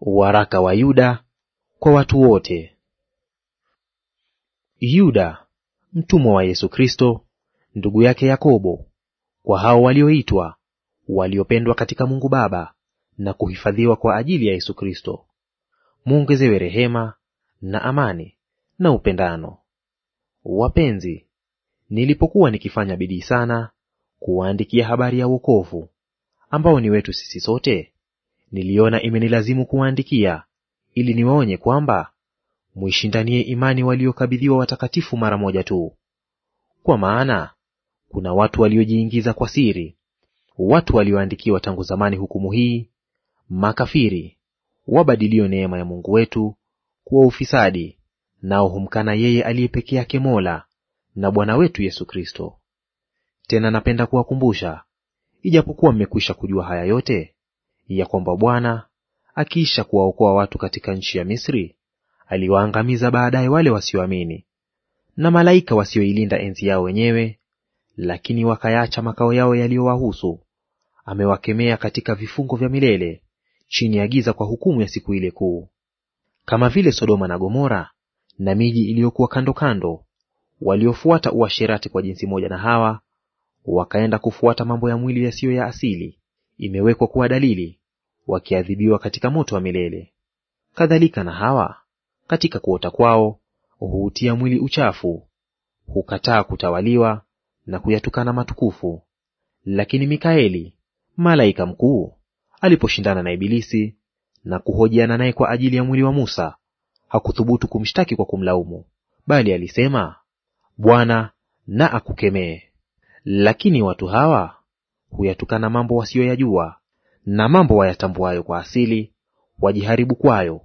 Waraka wa Yuda kwa watu wote. Yuda mtumwa wa Yesu Kristo, ndugu yake Yakobo, kwa hao walioitwa, waliopendwa katika Mungu Baba na kuhifadhiwa kwa ajili ya Yesu Kristo, mwongezewe rehema na amani na upendano. Wapenzi, nilipokuwa nikifanya bidii sana kuwaandikia habari ya wokovu ambao ni wetu sisi sote niliona imenilazimu kuwaandikia ili niwaonye kwamba mwishindanie imani waliokabidhiwa watakatifu mara moja tu. Kwa maana kuna watu waliojiingiza kwa siri, watu walioandikiwa tangu zamani hukumu hii, makafiri, wabadilio neema ya Mungu wetu kuwa ufisadi, nao humkana yeye aliye peke yake Mola na Bwana wetu Yesu Kristo. Tena napenda kuwakumbusha, ijapokuwa mmekwisha kujua haya yote, ya kwamba Bwana akiisha kuwaokoa watu katika nchi ya Misri, aliwaangamiza baadaye wale wasioamini na malaika wasioilinda enzi yao wenyewe, lakini wakayaacha makao yao yaliyowahusu. Amewakemea katika vifungo vya milele chini ya giza kwa hukumu ya siku ile kuu. Kama vile Sodoma na Gomora na miji iliyokuwa kando kando, waliofuata uasherati kwa jinsi moja na hawa, wakaenda kufuata mambo ya mwili yasiyo ya asili, imewekwa kuwa dalili, wakiadhibiwa katika moto wa milele. Kadhalika na hawa katika kuota kwao huutia mwili uchafu, hukataa kutawaliwa na kuyatukana matukufu. Lakini Mikaeli malaika mkuu aliposhindana na Ibilisi na kuhojiana naye kwa ajili ya mwili wa Musa, hakuthubutu kumshtaki kwa kumlaumu, bali alisema, Bwana na akukemee. Lakini watu hawa huyatukana mambo wasiyoyajua, na mambo wayatambuayo kwa asili wajiharibu kwayo,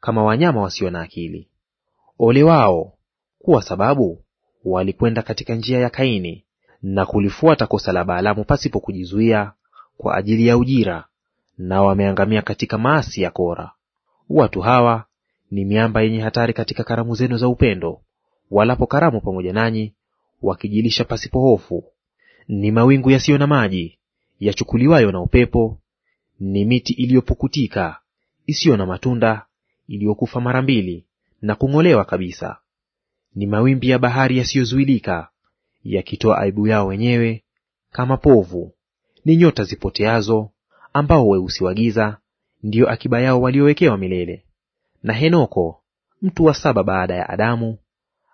kama wanyama wasio na akili. Ole wao, kuwa sababu walikwenda katika njia ya Kaini, na kulifuata kosa la Balaamu pasipo kujizuia kwa ajili ya ujira, na wameangamia katika maasi ya Kora. Watu hawa ni miamba yenye hatari katika karamu zenu za upendo, walapo karamu pamoja nanyi, wakijilisha pasipo hofu; ni mawingu yasiyo na maji, yachukuliwayo na upepo, ni miti iliyopukutika isiyo na matunda, iliyokufa mara mbili na kung'olewa kabisa. Ni mawimbi ya bahari yasiyozuilika, yakitoa aibu yao wenyewe kama povu. Ni nyota zipoteazo, ambao weusi wa giza ndiyo akiba yao waliowekewa milele. Na Henoko mtu wa saba baada ya Adamu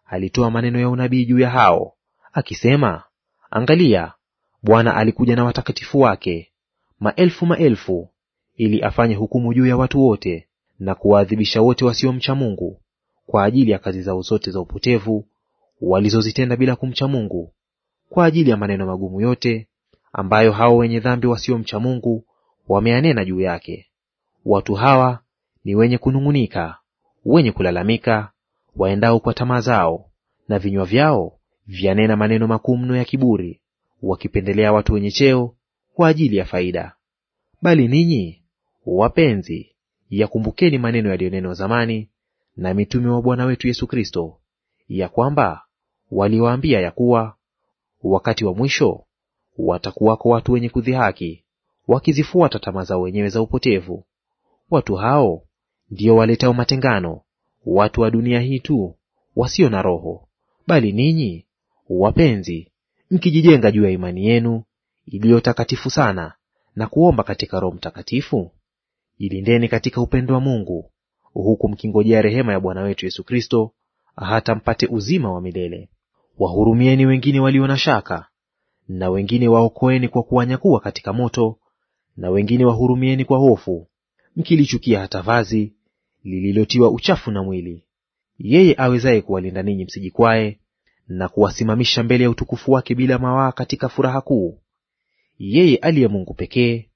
alitoa maneno ya unabii juu ya hao akisema, Angalia, Bwana alikuja na watakatifu wake maelfu maelfu, ili afanye hukumu juu ya watu wote na kuwaadhibisha wote wasiomcha Mungu kwa ajili ya kazi zao zote za upotevu walizozitenda bila kumcha Mungu, kwa ajili ya maneno magumu yote ambayo hao wenye dhambi wasiomcha Mungu wameanena juu yake. Watu hawa ni wenye kunung'unika, wenye kulalamika, waendao kwa tamaa zao, na vinywa vyao vyanena maneno makuu mno ya kiburi wakipendelea watu wenye cheo kwa ajili ya faida. Bali ninyi wapenzi, yakumbukeni maneno yaliyonenwa zamani na mitume wa Bwana wetu Yesu Kristo, ya kwamba waliwaambia ya kuwa wakati wa mwisho watakuwako watu wenye kudhihaki, wakizifuata tamaa zao wenyewe za upotevu. Watu hao ndio waletao matengano, watu wa dunia hii tu, wasio na Roho. Bali ninyi wapenzi, mkijijenga juu ya imani yenu iliyo takatifu sana na kuomba katika Roho Mtakatifu, jilindeni katika upendo wa Mungu, huku mkingojea rehema ya Bwana wetu Yesu Kristo, hata mpate uzima wa milele. Wahurumieni wengine walio na shaka, na wengine waokoeni kwa kuwanyakuwa katika moto, na wengine wahurumieni kwa hofu, mkilichukia hata vazi lililotiwa uchafu na mwili. Yeye awezaye kuwalinda ninyi msijikwae na kuwasimamisha mbele ya utukufu wake bila mawaa katika furaha kuu, yeye aliye Mungu pekee,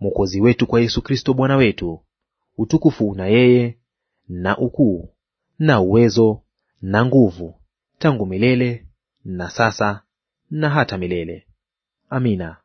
Mwokozi wetu kwa Yesu Kristo Bwana wetu, utukufu una yeye na ukuu na uwezo na nguvu, tangu milele na sasa na hata milele. Amina.